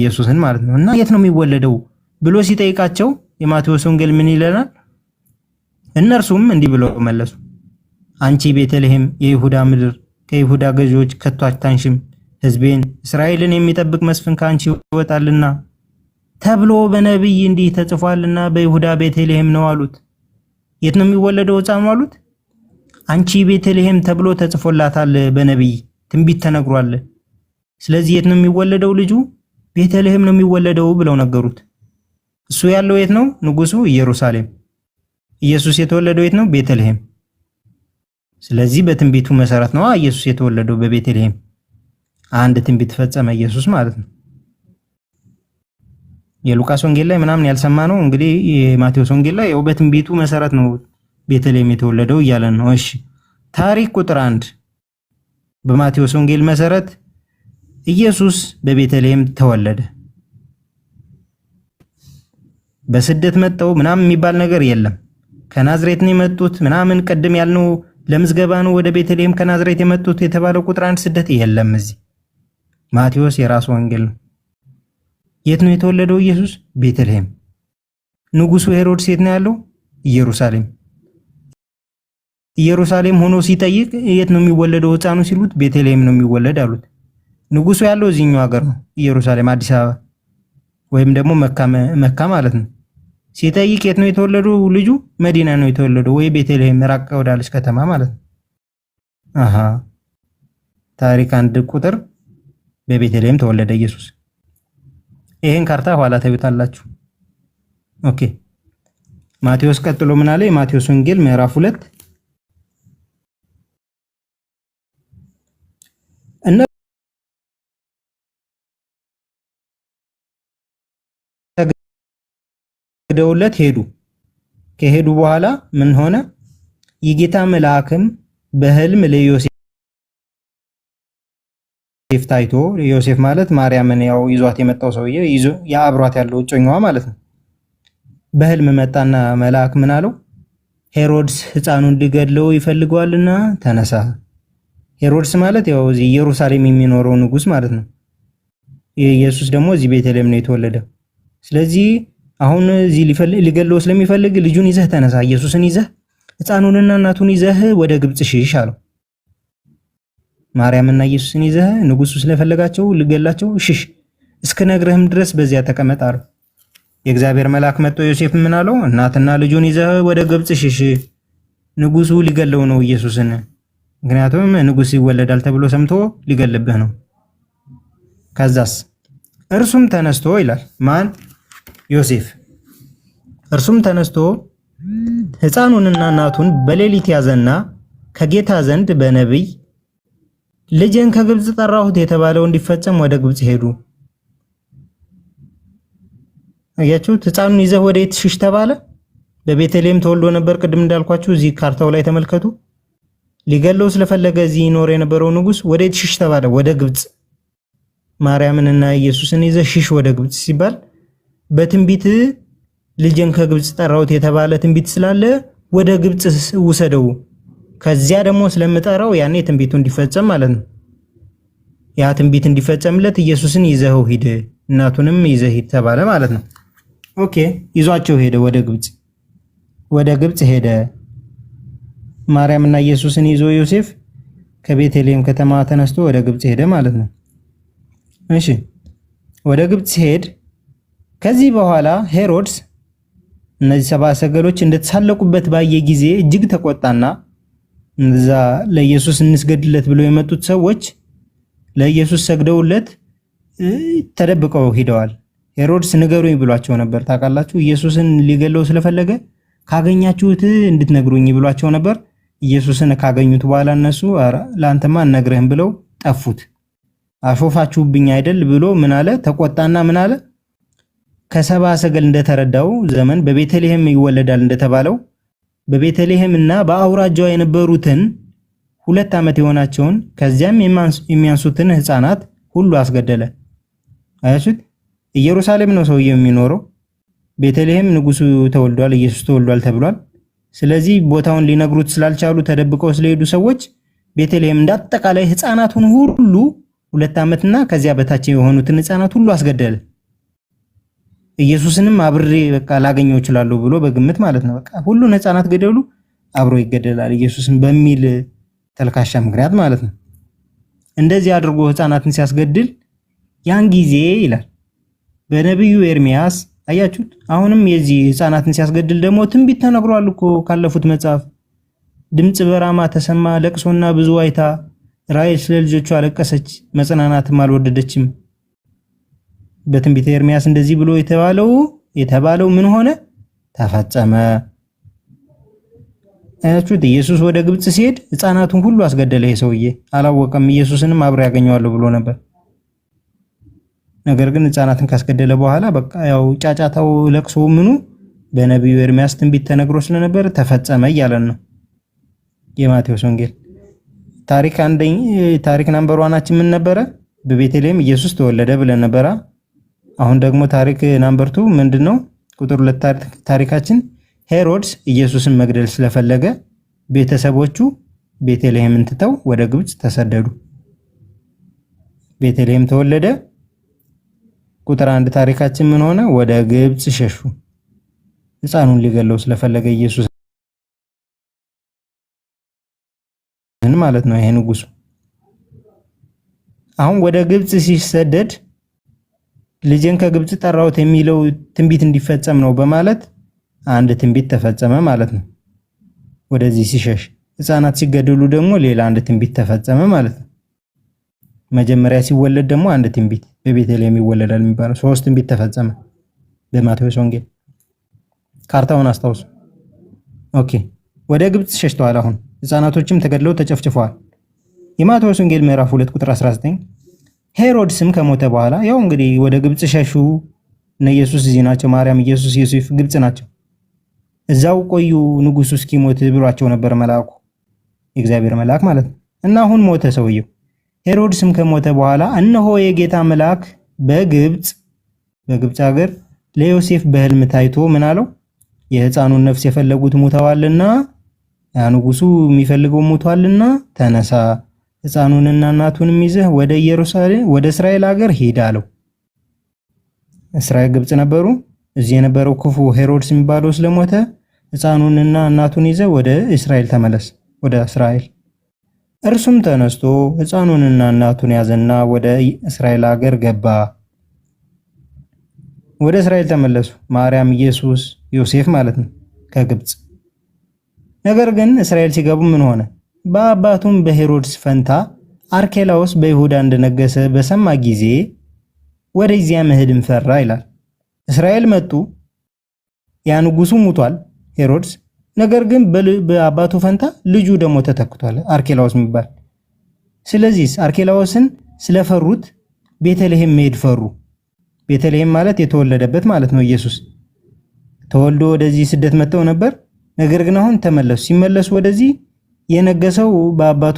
ኢየሱስን ማለት ነው። እና የት ነው የሚወለደው ብሎ ሲጠይቃቸው የማቴዎስ ወንጌል ምን ይለናል? እነርሱም እንዲህ ብለው መለሱ፣ አንቺ ቤተልሔም የይሁዳ ምድር ከይሁዳ ገዢዎች ከቶ አታንሽም፣ ሕዝቤን እስራኤልን የሚጠብቅ መስፍን ከአንቺ ይወጣልና ተብሎ በነቢይ እንዲህ ተጽፏልና በይሁዳ ቤተልሔም ነው አሉት። የት ነው የሚወለደው ሕፃኑ አሉት። አንቺ ቤተልሔም ተብሎ ተጽፎላታል፣ በነቢይ ትንቢት ተነግሯል። ስለዚህ የት ነው የሚወለደው ልጁ ቤተልሔም ነው የሚወለደው ብለው ነገሩት። እሱ ያለው የት ነው? ንጉሱ ኢየሩሳሌም። ኢየሱስ የተወለደው የት ነው? ቤተልሔም። ስለዚህ በትንቢቱ መሰረት ነው ኢየሱስ የተወለደው በቤተልሔም። አንድ ትንቢት ፈጸመ ኢየሱስ ማለት ነው። የሉቃስ ወንጌል ላይ ምናምን ያልሰማ ነው እንግዲህ የማቴዎስ ወንጌል ላይ ያው በትንቢቱ መሰረት ነው ቤተልሔም የተወለደው እያለን ነው። እሺ ታሪክ ቁጥር አንድ በማቴዎስ ወንጌል መሰረት ኢየሱስ በቤተልሔም ተወለደ። በስደት መጠው ምናምን የሚባል ነገር የለም። ከናዝሬት ነው የመጡት ምናምን ቀድም ያልነው ለምዝገባ ነው ወደ ቤተልሔም ከናዝሬት የመጡት የተባለው ቁጥር አንድ ስደት የለም። እዚህ ማቴዎስ የራሱ ወንጌል ነው። የት ነው የተወለደው ኢየሱስ? ቤተልሔም። ንጉሱ ሄሮድስ የት ነው ያለው? ኢየሩሳሌም። ኢየሩሳሌም ሆኖ ሲጠይቅ የት ነው የሚወለደው ሕፃኑ ሲሉት ቤተልሔም ነው የሚወለድ አሉት። ንጉሱ ያለው እዚህኛው ሀገር ነው፣ ኢየሩሳሌም፣ አዲስ አበባ ወይም ደግሞ መካ ማለት ነው። ሲጠይቅ የት ነው የተወለዱ? ልጁ መዲና ነው የተወለዱ ወይ ቤተልሔም፣ ራቅ ወዳለች ከተማ ማለት ነው። ታሪክ አንድ ቁጥር በቤተልሔም ተወለደ ኢየሱስ። ይሄን ካርታ ኋላ ታዩታላችሁ። ኦኬ ማቴዎስ ቀጥሎ ምን አለ? የማቴዎስ ወንጌል ምዕራፍ ሁለት ክደውለት ሄዱ። ከሄዱ በኋላ ምን ሆነ? የጌታ መልአክም በህልም ለዮሴፍ ታይቶ፣ ዮሴፍ ማለት ማርያምን ያው ይዟት የመጣው ሰውዬ የአብሯት ያለው እጮኛዋ ማለት ነው። በህልም መጣና መልአክ ምን አለው? ሄሮድስ ህፃኑን ሊገድለው ይፈልገዋልና ተነሳ። ሄሮድስ ማለት ያው እዚህ ኢየሩሳሌም የሚኖረው ንጉስ ማለት ነው። ኢየሱስ ደግሞ እዚህ ቤተልሔም ነው የተወለደ ስለዚህ አሁን እዚህ ሊገለው ስለሚፈልግ ልጁን ይዘህ ተነሳ፣ ኢየሱስን ይዘህ ህፃኑንና እናቱን ይዘህ ወደ ግብፅ ሽሽ አለው። ማርያምና ኢየሱስን ይዘህ ንጉሱ ስለፈለጋቸው ልገላቸው ሽሽ፣ እስከነግረህም ድረስ በዚያ ተቀመጥ አለው። የእግዚአብሔር መልአክ መጥቶ ዮሴፍ ምን አለው? እናትና ልጁን ይዘህ ወደ ግብፅ ሽሽ፣ ንጉሱ ሊገለው ነው ኢየሱስን። ምክንያቱም ንጉስ ይወለዳል ተብሎ ሰምቶ ሊገልብህ ነው። ከዛስ እርሱም ተነስቶ ይላል ማን ዮሴፍ። እርሱም ተነስቶ ሕፃኑንና እናቱን በሌሊት ያዘና ከጌታ ዘንድ በነቢይ ልጅን ከግብፅ ጠራሁት የተባለው እንዲፈጸም ወደ ግብፅ ሄዱ። አያችሁት? ሕፃኑን ይዘህ ወዴት ሽሽ ተባለ? በቤተልሔም ተወልዶ ነበር። ቅድም እንዳልኳችሁ እዚህ ካርታው ላይ ተመልከቱ። ሊገለው ስለፈለገ እዚህ ይኖር የነበረው ንጉሥ ወዴት ሽሽ ተባለ? ወደ ግብፅ። ማርያምንና ኢየሱስን ይዘህ ሽሽ ወደ ግብፅ ሲባል በትንቢት ልጅን ከግብፅ ጠራሁት የተባለ ትንቢት ስላለ ወደ ግብፅ ውሰደው፣ ከዚያ ደግሞ ስለምጠራው ያኔ ትንቢቱ እንዲፈጸም ማለት ነው። ያ ትንቢት እንዲፈጸምለት ኢየሱስን ይዘኸው ሂድ፣ እናቱንም ይዘህ ሂድ ተባለ ማለት ነው። ኦኬ ይዟቸው ሄደ ወደ ግብፅ ወደ ግብፅ ሄደ። ማርያምና ኢየሱስን ይዞ ዮሴፍ ከቤተልሔም ከተማ ተነስቶ ወደ ግብፅ ሄደ ማለት ነው። እሺ ወደ ግብፅ ሄድ ከዚህ በኋላ ሄሮድስ እነዚህ ሰብአ ሰገሎች እንደተሳለቁበት ባየ ጊዜ እጅግ ተቆጣና እዛ ለኢየሱስ እንስገድለት ብለው የመጡት ሰዎች ለኢየሱስ ሰግደውለት ተደብቀው ሂደዋል። ሄሮድስ ንገሩኝ ብሏቸው ነበር። ታውቃላችሁ፣ ኢየሱስን ሊገለው ስለፈለገ ካገኛችሁት እንድትነግሩኝ ብሏቸው ነበር። ኢየሱስን ካገኙት በኋላ እነሱ ለአንተማ እነግርህም ብለው ጠፉት። አሾፋችሁብኝ አይደል ብሎ ምን አለ? ተቆጣና ምን አለ? ከሰባ ሰገል እንደተረዳው ዘመን በቤተልሔም ይወለዳል እንደተባለው በቤተልሔም እና በአውራጃዋ የነበሩትን ሁለት ዓመት የሆናቸውን ከዚያም የሚያንሱትን ሕፃናት ሁሉ አስገደለ። አያችሁት? ኢየሩሳሌም ነው ሰውየው የሚኖረው። ቤተልሔም ንጉሱ ተወልዷል፣ ኢየሱስ ተወልዷል ተብሏል። ስለዚህ ቦታውን ሊነግሩት ስላልቻሉ ተደብቀው ስለሄዱ ሰዎች ቤተልሔም እንዳጠቃላይ ሕፃናቱን ሁሉ ሁለት ዓመትና ከዚያ በታች የሆኑትን ሕፃናት ሁሉ አስገደለ። ኢየሱስንም አብሬ በቃ ላገኘው እችላለሁ ብሎ በግምት ማለት ነው። በቃ ሁሉን ህፃናት ገደሉ አብሮ ይገደላል ኢየሱስን በሚል ተልካሻ ምክንያት ማለት ነው። እንደዚህ አድርጎ ህፃናትን ሲያስገድል ያን ጊዜ ይላል በነቢዩ ኤርሚያስ አያችሁት። አሁንም የዚህ ህፃናትን ሲያስገድል ደግሞ ትንቢት ተነግሯል እኮ ካለፉት መጽሐፍ ድምፅ በራማ ተሰማ፣ ለቅሶና ብዙ ዋይታ፣ ራሔል ስለ አለቀሰች፣ መጽናናትም አልወደደችም። በትንቢተ ኤርሚያስ እንደዚህ ብሎ የተባለው የተባለው ምን ሆነ? ተፈጸመ። አያችሁት? ኢየሱስ ወደ ግብጽ ሲሄድ ህፃናቱን ሁሉ አስገደለ። ይሄ ሰውዬ አላወቀም። ኢየሱስንም አብሮ ያገኘዋለሁ ብሎ ነበር። ነገር ግን ህፃናትን ካስገደለ በኋላ በቃ ያው ጫጫታው፣ ለቅሶ፣ ምኑ በነቢዩ ኤርሚያስ ትንቢት ተነግሮ ስለነበር ተፈጸመ እያለን ነው የማቴዎስ ወንጌል ታሪክ አንደኝ ታሪክ ናምበር ዋናችን ምን ነበረ? በቤተልሔም ኢየሱስ ተወለደ ብለን ነበራ። አሁን ደግሞ ታሪክ ናምበር ምንድን ነው? ቁጥር ሁለት ታሪካችን ሄሮድስ ኢየሱስን መግደል ስለፈለገ ቤተሰቦቹ ቤተልሔምን ትተው ወደ ግብፅ ተሰደዱ። ቤተልሔም ተወለደ። ቁጥር አንድ ታሪካችን ምን ሆነ? ወደ ግብፅ ሸሹ። ሕፃኑን ሊገለው ስለፈለገ ኢየሱስ ማለት ነው ይሄ ንጉሱ። አሁን ወደ ግብፅ ሲሰደድ ልጄን ከግብፅ ጠራሁት የሚለው ትንቢት እንዲፈጸም ነው በማለት አንድ ትንቢት ተፈጸመ ማለት ነው። ወደዚህ ሲሸሽ ህፃናት ሲገደሉ ደግሞ ሌላ አንድ ትንቢት ተፈጸመ ማለት ነው። መጀመሪያ ሲወለድ ደግሞ አንድ ትንቢት በቤተልሔም ይወለዳል የሚባለው ሶስት ትንቢት ተፈጸመ በማቴዎስ ወንጌል። ካርታውን አስታውሱ። ኦኬ፣ ወደ ግብፅ ሸሽተዋል። አሁን ህፃናቶችም ተገድለው ተጨፍጭፈዋል። የማቴዎስ ወንጌል ምዕራፍ 2 ቁጥር 19 ሄሮድስም ከሞተ በኋላ ያው እንግዲህ ወደ ግብፅ ሸሹ። እነ ኢየሱስ እዚህ ናቸው፣ ማርያም፣ ኢየሱስ፣ ዮሴፍ ግብፅ ናቸው። እዛው ቆዩ ንጉሱ እስኪሞት ብሏቸው ነበር መልአኩ፣ የእግዚአብሔር መልአክ ማለት ነው። እና አሁን ሞተ ሰውየው። ሄሮድስም ከሞተ በኋላ እነሆ የጌታ መልአክ በግብፅ በግብፅ ሀገር ለዮሴፍ በህልም ታይቶ ምን አለው? የህፃኑን ነፍስ የፈለጉት ሙተዋልና ያ ንጉሱ የሚፈልገው ሙቷልና ተነሳ ሕፃኑንና እናቱንም ይዘህ ወደ ኢየሩሳሌም ወደ እስራኤል አገር ሂድ አለው። እስራኤል ግብፅ ነበሩ። እዚህ የነበረው ክፉ ሄሮድስ የሚባለው ስለሞተ ሕፃኑንና እናቱን ይዘህ ወደ እስራኤል ተመለስ፣ ወደ እስራኤል። እርሱም ተነስቶ ሕፃኑንና እናቱን ያዘና ወደ እስራኤል አገር ገባ። ወደ እስራኤል ተመለሱ። ማርያም፣ ኢየሱስ፣ ዮሴፍ ማለት ነው ከግብፅ። ነገር ግን እስራኤል ሲገቡ ምን ሆነ? በአባቱም በሄሮድስ ፈንታ አርኬላዎስ በይሁዳ እንደነገሰ በሰማ ጊዜ ወደዚያ መሄድን ፈራ ይላል። እስራኤል መጡ፣ ያ ንጉሱ ሙቷል ሄሮድስ። ነገር ግን በአባቱ ፈንታ ልጁ ደግሞ ተተክቷል፣ አርኬላዎስ የሚባል ስለዚህ አርኬላዎስን ስለፈሩት ቤተልሔም መሄድ ፈሩ። ቤተልሔም ማለት የተወለደበት ማለት ነው። ኢየሱስ ተወልዶ ወደዚህ ስደት መጥተው ነበር። ነገር ግን አሁን ተመለሱ። ሲመለሱ ወደዚህ የነገሰው በአባቱ